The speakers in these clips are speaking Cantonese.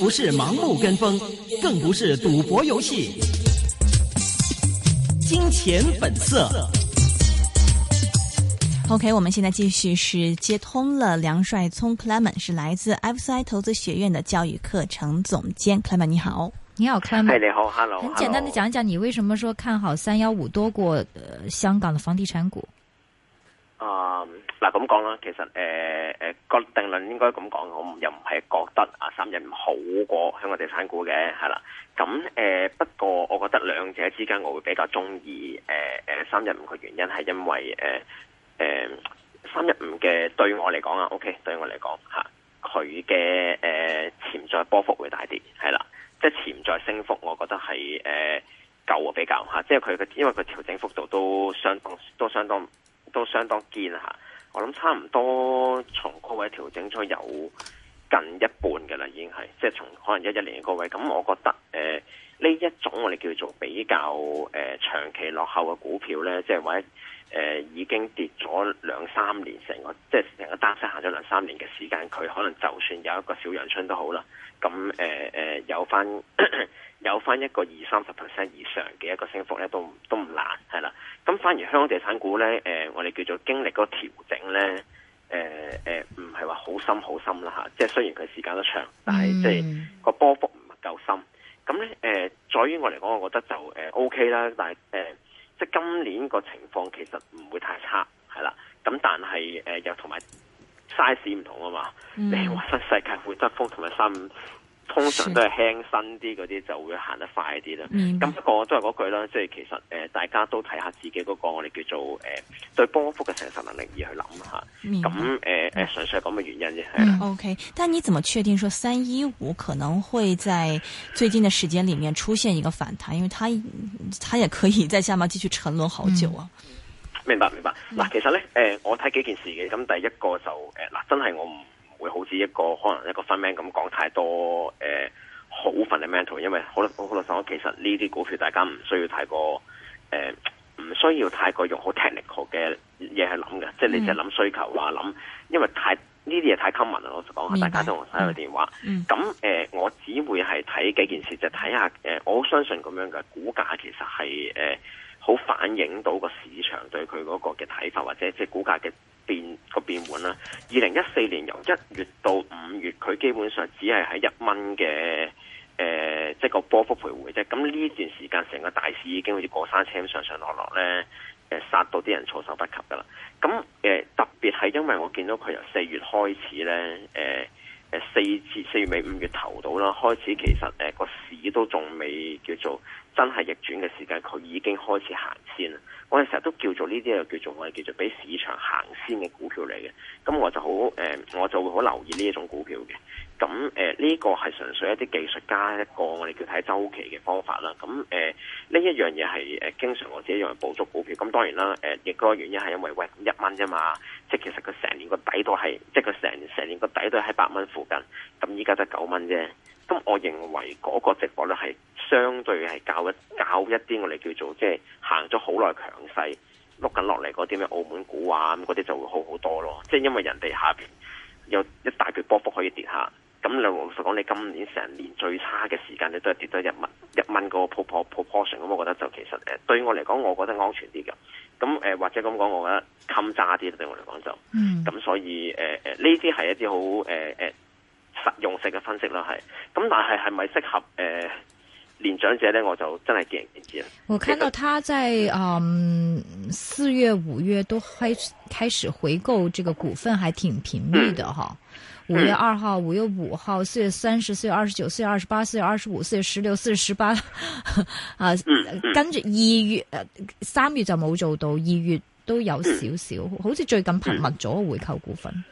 不是盲目跟風，更不是賭博遊戲。金錢本色。OK，我們現在繼續是接通了梁帥聰 Clement，是來自 FCI 投資學院的教育課程總監 Clement，你好，你好 Clement。Hi, 你好，Hello, hello。很簡單的講講，你為什麼說看好三幺五多過、呃、香港的房地產股？啊，嗱，咁講啦。其實誒誒個定論應該咁講，我唔又唔係覺得啊三日唔好過香港地產股嘅，係啦。咁誒、呃，不過我覺得兩者之間我會比較中意誒誒三日五嘅原因係因為誒誒三日五嘅對我嚟講啊，OK，對我嚟講吓，佢嘅誒潛在波幅會大啲，係啦，即係潛在升幅，我覺得係誒夠啊比較吓、啊，即係佢嘅因為佢個調整幅度都相當都相當都相當堅嚇，我諗差唔多從高位調整咗有近一半嘅啦，已經係即係從可能一一年嘅位，咁我覺得誒呢、呃、一種我哋叫做比較誒、呃、長期落後嘅股票呢，即係或者已經跌咗兩三年成個，即係成個單身行咗兩三年嘅時間，佢可能就算有一個小陽春都好啦，咁誒誒有返。 有翻一個二三十 percent 以上嘅一個升幅咧，都都唔難，係啦。咁反而香港地產股咧，誒、呃，我哋叫做經歷嗰個調整咧，誒、呃、誒，唔係話好深好深啦嚇。即係雖然佢時間都長，但係即係個波幅唔夠深。咁咧誒，在、呃、於我嚟講，我覺得就誒、呃、OK 啦。但係誒、呃，即係今年個情況其實唔會太差，係啦。咁但係誒，又、呃、同埋 size 唔同啊嘛。你話新世界會德豐同埋三。通常都係輕身啲嗰啲就會行得快啲啦。咁不過我都係嗰句啦，即係其實誒，大家都睇下自己嗰、那個我哋叫做誒、呃，對波幅嘅承受能力而去諗下。咁誒誒，純、呃、對粹係咁嘅原因啫。O K，但你怎麼確定說三一五可能會在最近嘅時間裏面出現一個反彈？因為它，它也可以在下面繼續沉淪好久啊。明白、嗯嗯、明白。嗱，嗯、其實咧，誒，我睇幾件事嘅。咁第一個就誒，嗱、呃，真係我唔。會好似一個可能一個 fund man 咁講太多誒好、呃、fundamental，因為好老好老實講，其實呢啲股票大家唔需要太過誒，唔、呃、需要太過用好 technical 嘅嘢去諗嘅，嗯、即係你只係諗需求話、啊、諗，因為太呢啲嘢太 common 啦，老實講，白大家都打個電話。咁誒、嗯呃，我只會係睇幾件事，就睇、是、下誒、呃，我好相信咁樣嘅股價其實係誒，好、呃、反映到個市場對佢嗰個嘅睇法，或者即係股價嘅。變個變換啦。二零一四年由一月到五月，佢基本上只係喺一蚊嘅，誒、呃，即、就、係、是、個波幅徘徊啫。咁呢段時間，成個大市已經好似過山車咁上上落落咧，誒、呃，殺到啲人措手不及噶啦。咁誒、呃，特別係因為我見到佢由四月開始咧，誒、呃，誒，四至四月尾五月頭到啦，開始其實誒個。自己都仲未叫做真係逆轉嘅時間，佢已經開始行先啦。我哋成日都叫做呢啲又叫做我哋叫做俾市場行先嘅股票嚟嘅。咁我就好誒、呃，我就會好留意呢一種股票嘅。咁誒呢個係純粹一啲技術加一個我哋叫睇周期嘅方法啦。咁誒呢一樣嘢係誒經常我自己用嚟補足股票。咁當然啦，誒亦個原因係因為喂一蚊啫嘛，即係其實佢成年個底都係，即係佢成年成年個底都喺八蚊附近，咁依家得九蚊啫。咁，我認為嗰個直播咧係相對係較一較一啲我哋叫做即係、就是、行咗好耐強勢碌緊落嚟嗰啲咩澳門古玩嗰啲就會好好多咯。即、就、係、是、因為人哋下邊有一大段波幅可以跌下，咁你老實講，你今年成年最差嘅時間，你都係跌咗一蚊一蚊個 pro, proportion。咁我覺得就其實誒、呃，對於我嚟講，我覺得安全啲嘅。咁誒、呃，或者咁講，我覺得襟揸啲。對我嚟講就，咁、嗯、所以誒誒，呢啲係一啲好誒誒。呃呃實用性嘅分析啦，係咁，但係係咪適合誒、呃、年長者咧？我就真係見仁見智啦。我看到他在嗯四實、um, 月、五月都開開始回購這個股份，還挺頻密的哈。五、嗯、月二號、五月五號、四月三十、四月二十九、四月二十八、四月二十五、四月十六、四月十八 啊，嗯嗯、跟住二月、三月就冇做到，二月都有少少，嗯、好似最近頻密咗回購股份。嗯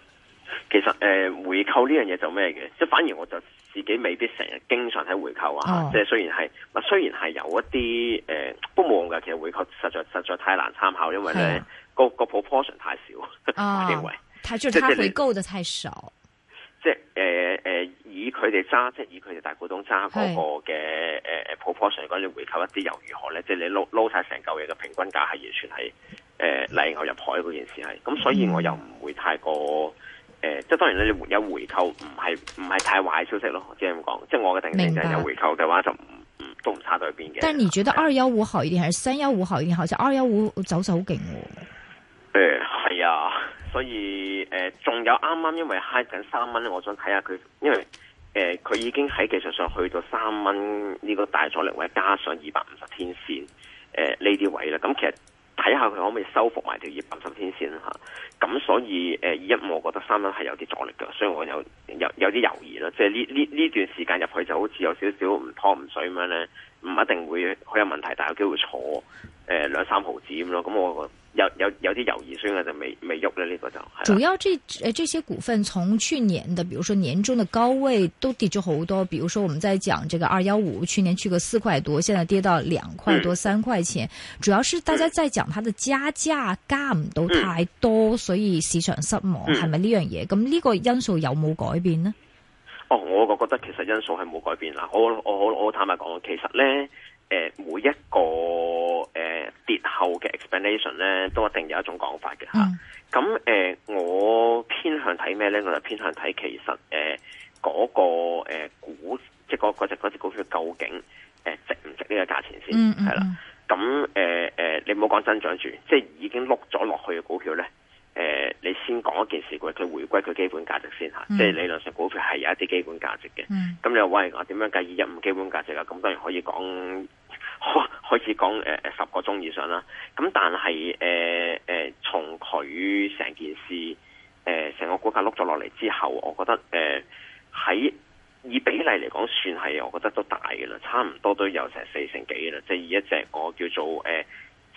其實誒、呃，回購呢樣嘢就咩嘅，即係反而我就自己未必成日經常喺回購啊。Oh. 即係雖然係，嗱雖然係有一啲誒，不忙嘅。其實回購實在實在太難參考，因為咧、oh. 個個 proportion 太少。啊、oh. 為，即係即係，回購得太少。即係誒誒，以佢哋揸，即係以佢哋大股東揸嗰、oh. 個嘅誒誒 proportion 嚟講，你、呃、是回購一啲又如何咧？即係你撈撈晒成嚿嘢嘅平均價係完全係誒泥牛入海嗰件事係。咁、mm hmm. 所以我又唔會太過。誒，即係、呃、當然咧，你有回購唔係唔係太壞消息咯，即係咁講，即係我嘅定性就係有回購嘅話就唔唔都唔差到去邊嘅。但係你覺得二幺五好一點，還是三幺五好一點？好似二幺五走勢好勁。誒、嗯、係、呃、啊，所以誒，仲、呃、有啱啱因為 high 緊三蚊咧，我想睇下佢，因為誒佢、呃、已經喺技術上去到三蚊呢個大阻力位，加上二百五十天線誒呢啲位啦，咁其實。睇下佢可唔可以收復埋條二百心天線啦，吓，咁所以誒、呃、一，我覺得三蚊係有啲阻力嘅，所以我有有有啲猶豫啦，即係呢呢呢段時間入去就好似有少少唔拖唔水咁樣咧，唔一定會好有問題，但係有機會坐誒兩、呃、三毫子咁咯，咁我。有有有啲猶豫，所以我就未未喐咧。呢、這個就主要這，這誒這些股份從去年的，比如說年中嘅高位都跌咗好多。比如說，我們在講這個二幺五，去年去過四塊多，現在跌到兩塊多三塊錢。主要是大家在講它的加價加唔到太多，嗯、所以市場失望係咪呢樣嘢？咁呢個因素有冇改變呢？哦，我覺得其實因素係冇改變啦。我我我，我坦白講，其實呢。誒，每一個誒跌後嘅 explanation 咧，都一定有一種講法嘅吓。咁誒、mm. 啊，我偏向睇咩咧？我就偏向睇其實誒，嗰、啊嗰個誒、啊、股，即係嗰嗰隻隻股票究竟誒值唔值呢個價錢先係啦。咁誒誒，你唔好講增長住，即係已經碌咗落去嘅股票咧。誒、呃，你先講一件事嘅，佢回歸佢基本價值先嚇，mm. 即係理論上股票係有一啲基本價值嘅。咁、mm. 嗯、你話喂，我點樣計任何基本價值啦？咁、嗯、當然可以講，開始講誒誒十個鐘以上啦。咁、嗯、但係誒誒，從佢成件事誒成、呃、個股價碌咗落嚟之後，我覺得誒喺、呃、以比例嚟講，算係我覺得都大嘅啦，差唔多都有成四成幾啦。即係以一隻我叫做誒。呃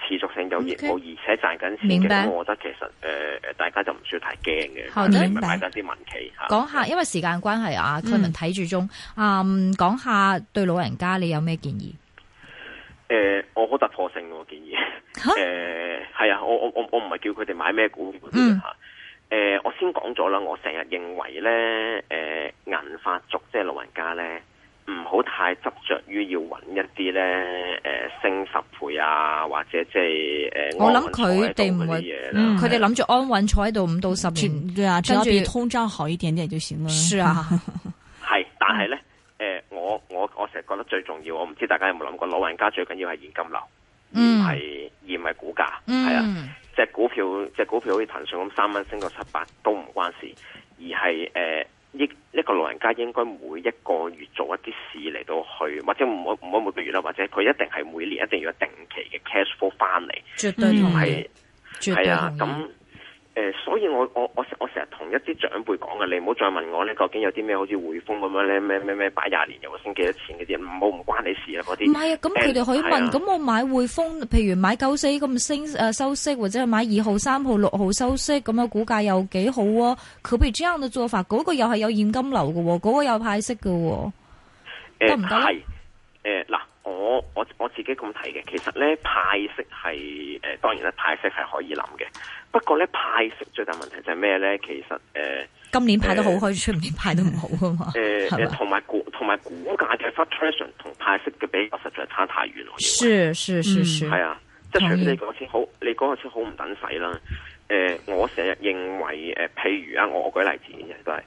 持續性有熱好，Okay. 而且賺緊錢，咁白我覺得其實誒、呃，大家就唔需要太驚嘅，咁白你唔係買緊啲民企吓。講下，嗯、因為時間關係啊，昆文睇住鐘，誒、嗯，講下對老人家你有咩建議？誒、呃，我好突破性我建議。誒、啊，係、呃、啊，我我我我唔係叫佢哋買咩股票吓。誒、嗯呃，我先講咗啦，我成日認為咧，誒、呃，銀髮族即係老人家咧。唔好太執着於要搵一啲咧，誒升十倍啊，或者即係誒，我諗佢哋唔會，佢哋諗住安穩坐喺度五到十年，對啊，跟住通脹好一點點就行啦。是啊，係，但係咧，誒，我我我成日覺得最重要，我唔知大家有冇諗過，老人家最緊要係現金流，而唔係而唔係股價，係啊，隻股票即隻股票好似騰訊咁三蚊升到七八都唔關事，而係誒。一一個老人家應該每一個月做一啲事嚟到去，或者唔好唔好每個月啦，或者佢一定係每年一定要定期嘅 cash flow 翻嚟，絕對係，嗯、是絕對係咁。的誒、呃，所以我我我我成日同一啲長輩講嘅，你唔好再問我咧，你究竟有啲咩好似匯豐咁樣咧，咩咩咩擺廿年又會升幾多錢嗰啲，唔好，唔關你事啊，嗰啲。唔係啊，咁佢哋可以問，咁、嗯、我買匯豐，譬如買九四咁升誒，呃、收息或者係買二號、三號、六號收息咁樣、那個、股價又幾好、啊，佢譬如之樣嘅做法，嗰、那個又係有現金流嘅，嗰、那個有派息嘅，得唔得咧？誒，嗱。呃我我我自己咁睇嘅，其實咧派息係誒、呃，當然啦，派息係可以諗嘅。不過咧派息最大問題就係咩咧？其實誒，呃、今年派得好可以，出年派得唔好噶嘛。誒，同埋估同埋股價嘅 fluctuation，同派息嘅比較，實在差太遠。是是是係啊，即係除非你講先好，你講嘅先好唔等使啦。誒、呃，我成日認為誒，譬如啊，我舉例子嘅都係，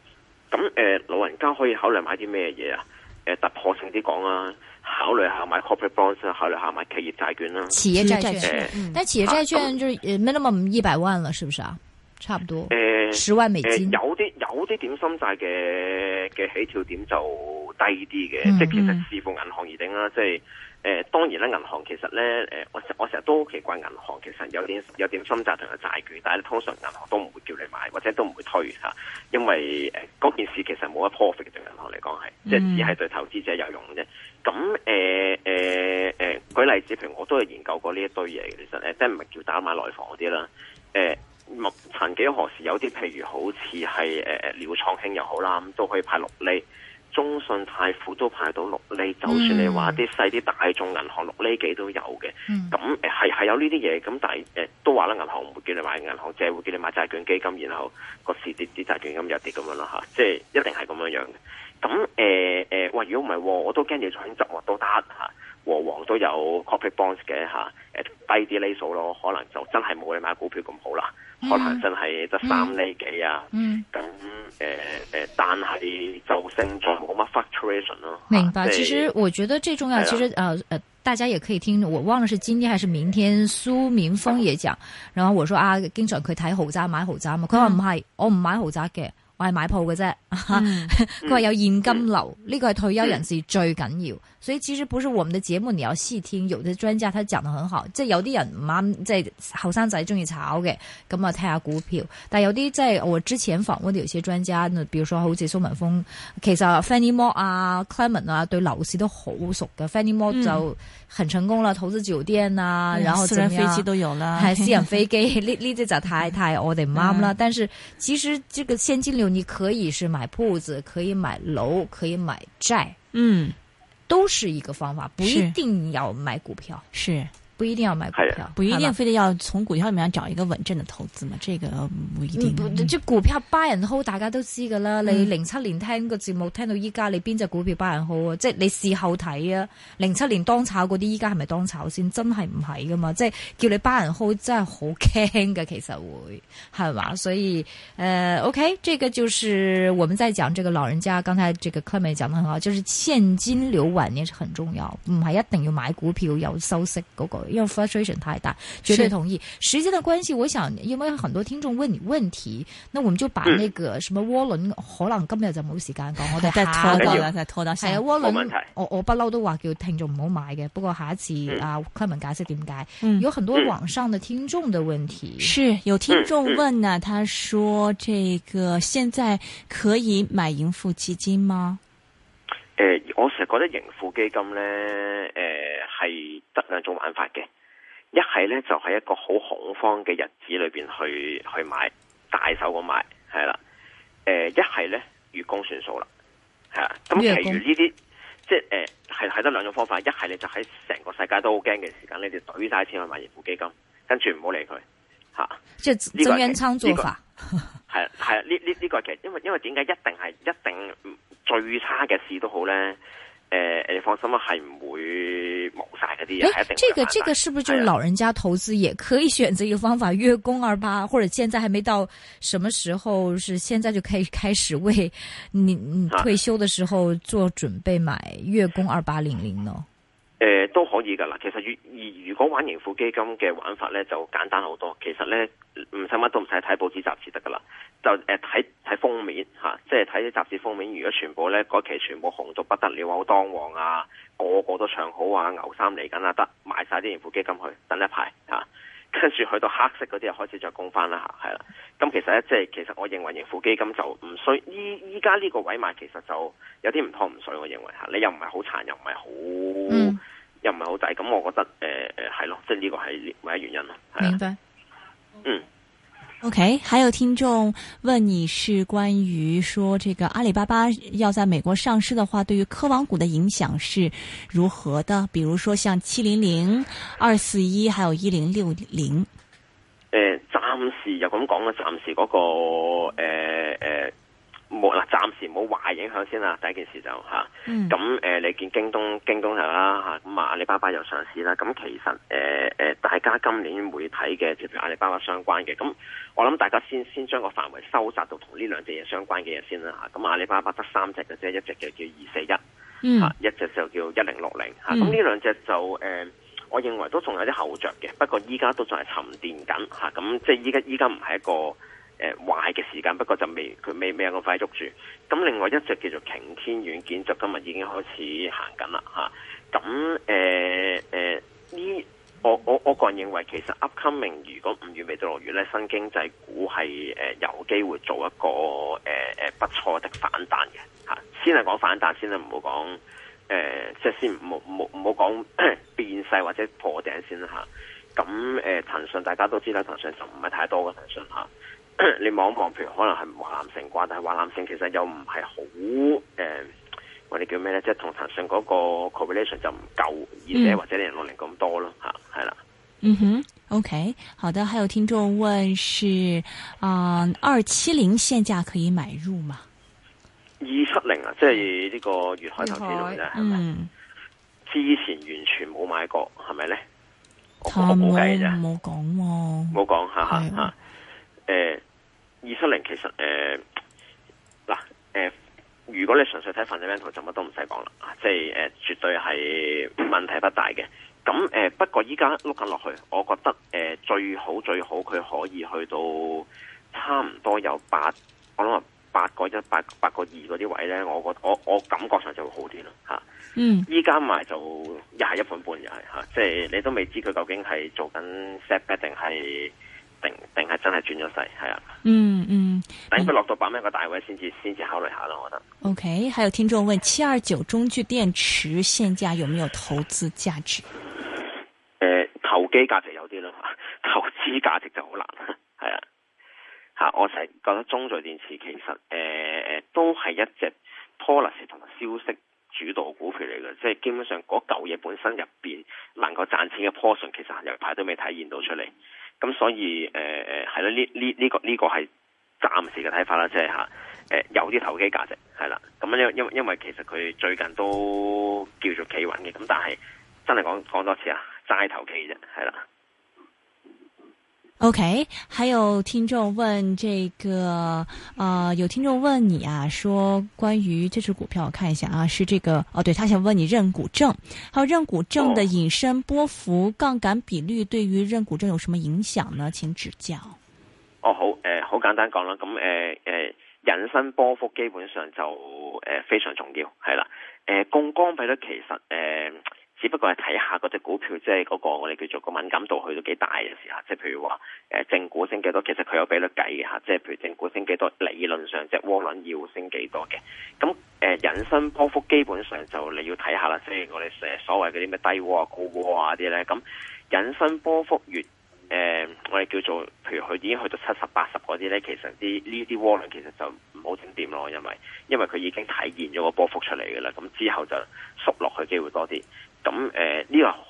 咁誒、嗯，老人家可以考慮買啲咩嘢啊？誒、嗯，突破性啲講啊。考慮下買 corporate bonds，考慮下買企業債券啦。企業債券，呃、但企業債券就 minimum 一百萬啦，是不是啊？差不多，呃、十萬美金。呃、有啲有啲點心債嘅嘅起跳點就低啲嘅，嗯嗯、即係其實視乎銀行而定啦，即係。誒、呃、當然啦，銀行其實咧，誒、呃、我我成日都好奇怪，銀行其實有啲有啲深贊同嘅債券，但係通常銀行都唔會叫你買，或者都唔會推嚇，因為誒嗰、呃、件事其實冇乜 profit 對銀行嚟講係，即係只係對投資者有用啫。咁誒誒誒，舉例子譬如我都係研究過呢一堆嘢嘅，其實誒即係唔係叫大家買內房啲啦，誒、呃、曾幾何時有啲譬如好似係誒廖創興又好啦，咁都可以派六厘。中信泰富都派到六厘，就算你話啲細啲大眾銀行六厘幾都有嘅，咁係係有呢啲嘢，咁但係、呃、都話啦，銀行唔會叫你買銀行，淨係會叫你買債券基金，然後個市跌啲債券金有啲咁樣咯嚇、啊，即係一定係咁樣樣。咁誒誒，哇、嗯！如果唔係，我都驚你想執我都得嚇。和黃都有 copy bonds 嘅嚇，誒低啲呢數咯，可能就真係冇你買股票咁好啦。可能真係得三厘幾啊。咁誒誒，但係就勝在冇乜 fluctuation 咯。明白。其實我覺得最重要，其實啊、呃，大家也可以聽。我忘了是今天還是明天，蘇明峯也講。然後我說啊，經常佢睇豪宅買豪宅嘛，佢話唔係，我唔買豪宅嘅。我係買鋪嘅啫，佢、啊、話、嗯、有現金流，呢個係退休人士最緊要。嗯、所以其實不是我們嘅節目你要細聽，有啲專家他講得很好，即係有啲人唔啱，即係後生仔中意炒嘅，咁啊睇下股票。但係有啲即係我之前訪問的有些專家，呢，比如說好似蘇文峰，其實 Fanny Moore 啊、Clement 啊，對樓市都好熟嘅。Fanny Moore、嗯、就很成功啦，投資酒店啊，嗯、然後然飛機，都有私人飛機都有啦，係私人飛機呢，呢啲就太太我哋唔啱啦。但是其實個現金你可以是買鋪子，可以買樓，可以買債，嗯，都是一個方法，不一定要買股票，是。是不一定要買股票，的吧不一定非得要從股票裏面找一個穩陣的投資嘛？這個唔一定。即股票 buy and hold，大家都知噶啦、嗯。你零七年聽個節目聽到依家，你邊隻股票 buy and hold 啊？即係你事後睇，啊，零七年當炒嗰啲，依家係咪當炒先？真係唔係噶嘛？即係叫你 buy and hold 真係好驚嘅，其實會係嘛？所以，誒、呃、，OK，呢個就是我們在講，這個老人家剛才這個科美講得很好，就是現金流穩定是很重要，唔係一定要買股票有收息嗰，那個。因為 frustration 太大，絕對同意。時間的關係，我想，因為很多聽眾問你問題，那我們就把那個什麼渦輪，可能根本就冇時間講。我哋下，係、嗯、啊，渦輪，我我不嬲都話叫聽眾唔好買嘅。不過下一次、嗯、啊，昆文解釋點解。如有很多網上的聽眾的問題，嗯、是有聽眾問呢、啊嗯，他說這個現在可以買盈富基金嗎？誒、呃，我成日覺得盈富基金咧，誒係得兩種玩法嘅，一係咧就喺、是、一個好恐慌嘅日子裏邊去去買大手咁買，係啦，誒、呃、一係咧月供算數啦，係啊，咁其餘呢啲即係係得兩種方法，一係你就喺成個世界都好驚嘅時間，你哋懟晒錢去買盈富基金，跟住唔好理佢，吓、啊，即係呢空倉做法，係係啊，呢呢呢個其實、這個這個這個這個、因為因為點解一定係一定？最差嘅事都好咧，誒、呃、誒，你放心啦，係唔會冇晒嗰啲嘢。誒、欸、呢、這個呢、這個是不是就是老人家投資也可以選擇一個方法？ 月供二八，或者現在還沒到什麼時候，是現在就可以開始為你你退休的時候做準備，買月供二八零零呢？啊 誒、呃,都可以噶啦。其實越如果玩盈富基金嘅玩法咧，就簡單好多。其實咧，唔使乜都唔使睇報紙雜誌得噶啦，就誒睇睇封面吓，啊，即係睇啲雜誌封面。如果全部咧嗰期全部紅到不得了，好當旺啊，個個都唱好啊，牛三嚟緊啊，得賣晒啲盈富基金去，等一排吓。啊跟住去到黑色嗰啲，又開始再攻翻啦嚇，係啦。咁、嗯嗯、其實咧，即係其實我認為盈富基金就唔衰，依依家呢個位買其實就有啲唔妥，唔水，我認為嚇，你又唔係好殘，又唔係好，又唔係好抵，咁我覺得誒誒係咯，即係呢個係唯一原因咯，係啊，白嗯。OK，還有聽眾問你是關於說，這個阿里巴巴要在美國上市的話，對於科網股的影響是如何的？比如說，像七零零、二四一，還有一零六零。誒、呃，暫時有咁講啦，暫時嗰、那個誒誒。呃呃冇啦，暫時冇壞影響先啦。第一件事就嚇，咁誒、呃、你見京東、京東又啦嚇，咁啊阿里巴巴又上市啦。咁、啊、其實誒誒、呃，大家今年會睇嘅就係阿里巴巴相關嘅。咁我諗大家先先將個範圍收窄到同呢兩隻嘢相關嘅嘢先啦嚇。咁、啊啊、阿里巴巴得三隻嘅啫，一隻就叫二四一，嚇，一隻就叫一零六零嚇。咁、啊、呢、啊嗯嗯、兩隻就誒、呃，我認為都仲有啲後着嘅，啊、不過依家都仲係沉澱緊嚇。咁即係依家依家唔係一個。誒，壞嘅時間，不過就未佢未未，未有個快捉住。咁另外一隻叫做擎天軟件，就今日已經開始行緊啦吓。咁誒誒，呢、呃呃、我我我個人認為，其實 upcoming 如果五月未到六月咧，新經濟股係誒有機會做一個誒誒、呃、不錯的反彈嘅吓、啊。先係講反彈，先係唔好講誒，即、呃、係先唔好唔好唔好講變勢或者破頂先啦吓。咁、啊、誒，騰訊、呃、大家都知道，騰訊就唔係太多嘅騰訊吓。啊 你望一望，譬如可能係華南城啩，但係華南城其實又唔係好誒，我、呃、哋叫咩咧？即係同騰訊嗰個 correlation 就唔夠，而且或者你又唔嚟咁多咯吓，係、啊、啦。嗯哼，OK，好的。還有聽眾問是，嗯、呃，二七零現價可以買入嗎？二七零啊，即係呢個粵海投資度啫，係咪？嗯、之前完全冇買過，係咪咧？我冇計咋，冇講、哦，冇講吓吓吓。哈哈誒、呃，二七零其實誒，嗱、呃、誒、呃呃，如果你純粹睇 fundamental 就乜都唔使講啦，即係誒、呃、絕對係問題不大嘅。咁、啊、誒、啊，不過依家碌 o 緊落去，我覺得誒、呃、最好最好佢可以去到差唔多有八，我諗八個一八八個二嗰啲位咧，我覺得我我感覺上就會好啲咯。吓、啊。嗯，依家埋就廿一本半又係吓，即係你都未知佢究竟係做緊 setback 定係。定定係真係轉咗勢，係啊，嗯嗯，等佢落到百蚊個大位先至先至考慮下咯，我覺得。OK，還有聽眾問：七二九中聚電池現價有沒有投資價值？誒、呃，投機價值有啲咯，投資價值就好難，係啊，吓、啊，我成日覺得中聚電池其實誒、呃、都係一隻 policy 同埋消息主導股票嚟嘅，即、就、係、是、基本上嗰嚿嘢本身入邊能夠賺錢嘅 portion，其實有排都未體現到出嚟。咁所以誒誒係啦，呢呢呢個呢個係暫時嘅睇法啦，即係嚇誒有啲投機價值係啦。咁因因因為其實佢最近都叫做企穩嘅，咁但係真係講講多次啊，齋投機啫係啦。OK，還有聽眾問這個，啊、呃，有聽眾問你啊，說關於這隻股票，我看一下啊，是這個，哦，對，他想問你認股證，還有認股證的引伸波幅槓桿比率對於認股證有什麼影響呢？請指教。哦，好，誒、呃，好簡單講啦，咁誒誒，引、呃、伸波幅基本上就誒、呃、非常重要，係啦，誒、呃，槓桿比率其實誒。呃只不過係睇下嗰隻股票，即係嗰個我哋叫做個敏感度，去到幾大嘅時候，即係譬如話，誒、呃、正股升幾多，其實佢有比率計嘅嚇，即係譬如正股升幾多，理論上隻窩輪要升幾多嘅。咁誒引伸波幅基本上就你要睇下啦，即係我哋誒所謂嗰啲咩低窩啊、高窩啊啲咧。咁引伸波幅越誒、呃、我哋叫做，譬如佢已經去到七十八十嗰啲咧，其實啲呢啲窩輪其實就唔好整掂咯，因為因為佢已經體現咗個波幅出嚟嘅啦。咁、嗯、之後就縮落去機會多啲。咁誒呢個好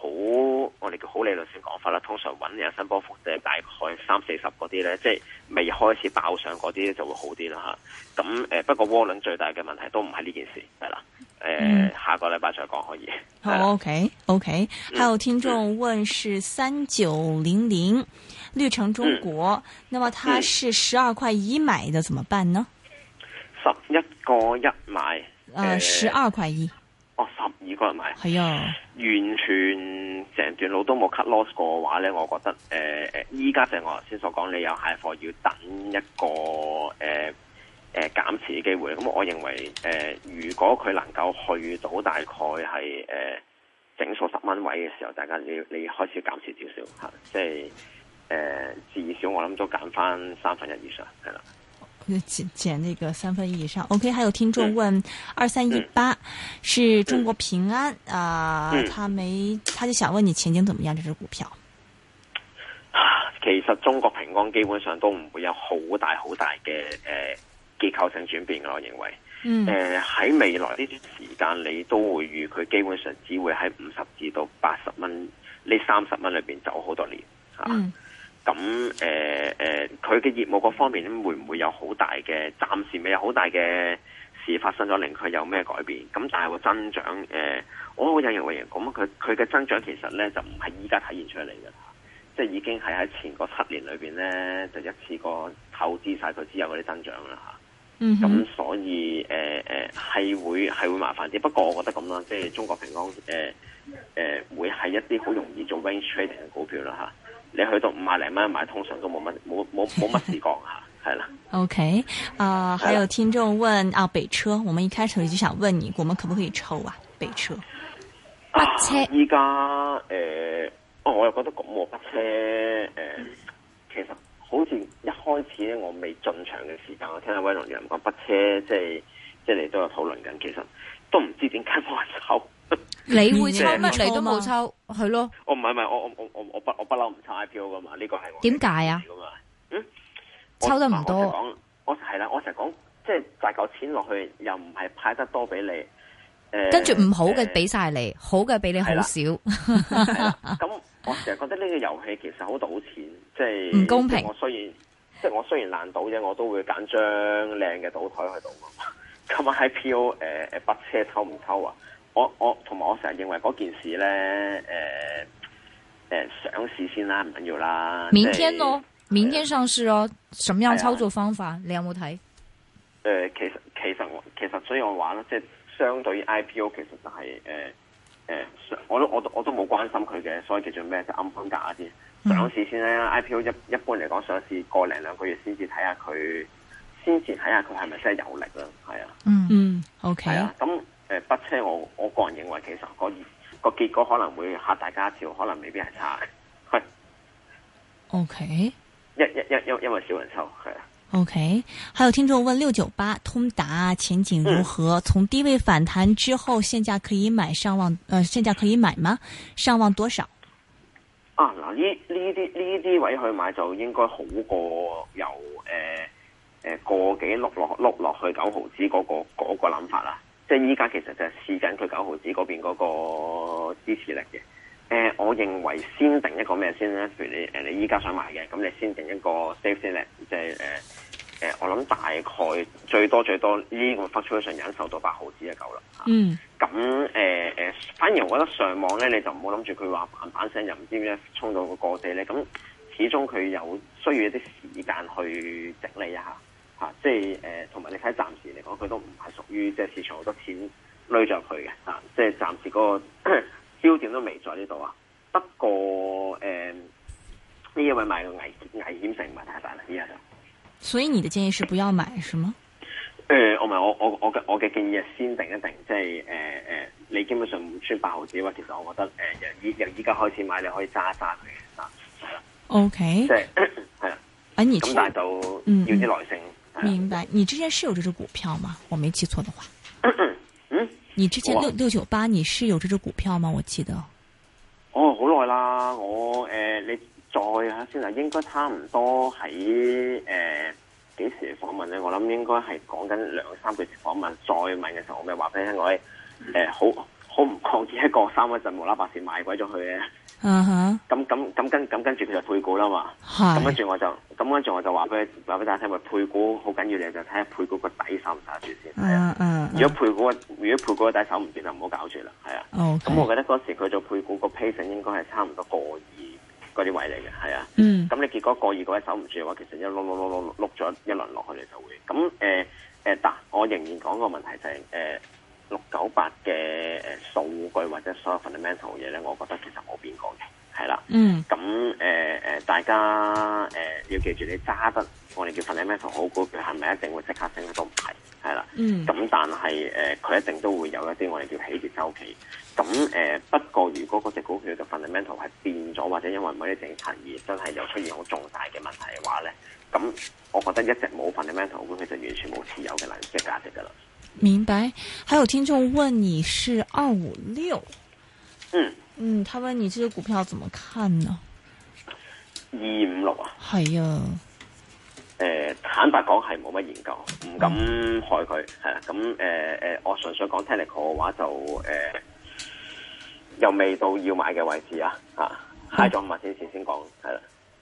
我哋叫好理論性講法啦，通常揾人新波幅即係大概三四十嗰啲咧，即係未開始爆上嗰啲就會好啲啦嚇。咁、啊、誒、呃、不過渦輪最大嘅問題都唔係呢件事係啦。誒、呃嗯、下個禮拜再講可以。好、oh, OK OK、嗯。還有聽眾問是三九零零綠城中國，嗯、那麼它是十二塊一買的，怎麼辦呢？十一個一買。誒十二塊一。12 塊哦，十二個人買，係啊，完全成段路都冇 cut loss 過嘅話咧，我覺得誒誒，依、呃、家就係我頭先所講，你有蟹貨要等一個誒誒、呃呃、減持嘅機會。咁我認為誒、呃，如果佢能夠去到大概係誒、呃、整數十蚊位嘅時候，大家你你開始減持少少嚇，即係誒、呃、至少我諗都減翻三分一以上係啦。減減那個三分一以上。OK，還有聽眾問二三一八是中國平安啊，他沒，他就想問你前景怎麼樣？這隻股票。其實中國平安基本上都唔會有好大好大嘅誒結構性轉變，我認為。嗯。喺、呃、未來呢段時間，你都會預佢，基本上只會喺五十至到八十蚊呢三十蚊裏邊走好多年。啊、嗯。咁誒誒，佢嘅，呃呃、業務各方面會唔會有好大嘅？暫時未有好大嘅事發生咗，令佢有咩改變？咁但係個增長誒，我都認為咁佢佢嘅增長其實咧就唔係依家體現出嚟嘅，啊，即係已經係喺前嗰七年裏邊咧就一次過投資晒佢之後嗰啲增長啦嚇。咁，啊、所以誒誒係會係會麻煩啲，不過我覺得咁啦，即係中國平安誒誒會係一啲好容易做 range trading 嘅股票啦嚇。啊你去到五萬零蚊買，通常都冇乜冇冇冇乜事講吓，係啦。 OK，啊、呃， 還有聽眾問啊，北車，我們一開始就想問你，我們可不可以抽啊？北車，啊、北車依家誒，我又覺得咁喎，北車誒，其實好似一開始咧，我未進場嘅時間，我聽阿威龍有人講北車，即係即係，你都有討論緊，其實都唔知點解冇人抽。你會抽乜？你都冇抽，係咯？我唔係係，我我我我我不我不嬲唔抽 IPO 噶嘛？呢個係點解啊？嗯，hmm? 抽得唔多。我成日講，我係啦，我成日講，即係大嚿錢落去，又唔係派得多俾你。誒，跟住唔好嘅俾晒你，好嘅俾你好少。咁我成日覺得呢個遊戲其實好賭錢，即係唔公平。我雖然即係我雖然爛賭啫，我都會揀張靚嘅賭台去賭。咁 IPO 誒誒北車抽唔抽啊？我同我同埋我成日認為嗰件事咧，誒、呃、誒、呃、上市先啦，唔緊要，要啦。明天咯、哦，即明天上市哦、啊。啊、什麼樣操作方法？啊、你有冇睇？誒、呃，其實其實我其實所以我話咧，即、就、係、是、相對於 IPO，其實就係誒誒，我都我都我都冇關心佢嘅，所以叫做咩？就暗盤價先，上市先啦。嗯、IPO 一一般嚟講，上市個零兩個月先至睇下佢，先至睇下佢係咪真係有力啦。係啊，嗯嗯，OK，係啊，咁 Okay.、嗯。嗯誒、呃，北車我我個人認為其實、那個、那個結果可能會嚇大家一跳，可能未必係差係，O K，一一一一因為少人抽係啊。O、okay. K，還有聽眾問六九八通達前景如何？從、嗯、低位反彈之後，現價可以買上望？誒、呃，現價可以買嗎？上望多少？啊嗱，呢呢啲呢啲位去買就應該好過由誒誒個幾碌落碌落去九毫子嗰、那個嗰、那個諗、那個、法啦。即係依家其實就係試緊佢九毫子嗰邊嗰個支持力嘅。誒、呃，我認為先定一個咩先咧？譬如你誒、呃，你依家想買嘅，咁你先定一個 safe level，即係誒誒，我諗大概最多最多呢個 valuation 忍受到八毫子就夠啦。嗯、啊。咁誒誒，反而我覺得上網咧，你就唔好諗住佢話慢慢升又唔知點樣衝到個過地咧。咁、嗯、始終佢有需要一啲時間去整理一下。啊，即係誒，同、呃、埋你睇暫時嚟講，佢都唔係屬於即係市場好多錢堆入去嘅，啊、嗯，即係暫時嗰個焦點都未在呢度啊。不過誒，呢、哦、樣買賣個危危險性唔係太大啦，依家就。所以你的建議是不要買，是嗎？誒、呃，我唔係我我我嘅我嘅建議係先定一定，即係誒誒，你基本上唔穿八毫紙嘅話，其實我覺得誒、呃、由依由依家開始買，你可以揸一揸佢嘅，啊係啦。O K，即係係啦，反而咁但係就要啲耐性、mm. 嗯。嗯持人明白，你之前是有這隻股票嗎？我沒記錯的話，咳咳嗯，你之前六六九八，你是有這隻股票嗎？我記得，哦，好耐啦，我誒、呃，你再下先啊，應該差唔多喺誒、呃、幾時訪問咧？我諗應該係講緊兩三句訪問，再問嘅時候我咪話俾你聽我位誒，好好唔抗跌一個，三位就無啦啦白線買鬼咗佢。嘅。嗯哼，咁咁咁跟咁跟住佢就配股啦嘛，咁跟住我就咁跟住我就話俾話俾大家聽，話配股好緊要，你就睇下配股個底守唔守住先。嗯嗯。如果配股嘅如果配股嘅底守唔住就唔好搞住啦，係啊。OK。咁我覺得嗰時佢做配股個 pattern 應該係差唔多過二嗰啲位嚟嘅，係啊。嗯。咁你結果過二嗰位守唔住嘅話，其實一碌碌碌碌碌咗一輪落去你就會。咁誒誒，嗱，我仍然講個問題就係誒。六九八嘅、呃、數據或者所有 fundamental 嘢咧，我覺得其實冇變過嘅，係啦。嗯。咁誒誒，大家誒、呃、要記住你，你揸得我哋叫 fundamental 好股票，係咪一定會即刻升咧？都唔係，係啦、嗯。嗯。咁但係誒，佢一定都會有一啲我哋叫起跌周期。咁誒、呃，不過如果嗰隻股票嘅 fundamental 係變咗，或者因為某啲政策而真係又出現好重大嘅問題嘅話咧，咁我覺得一直冇 fundamental 股票就完全冇持有嘅能即係價值㗎啦。明白，還有聽眾問你是二五六，嗯嗯，他問你這支股票怎麼看呢？二五六啊，係啊 ya，誒、呃，坦白講係冇乜研究，唔敢害佢係啦，咁誒誒，我純粹講 technical 嘅話就誒、呃，又未到要買嘅位置啊，吓下咗五萬點前先講，係啦。先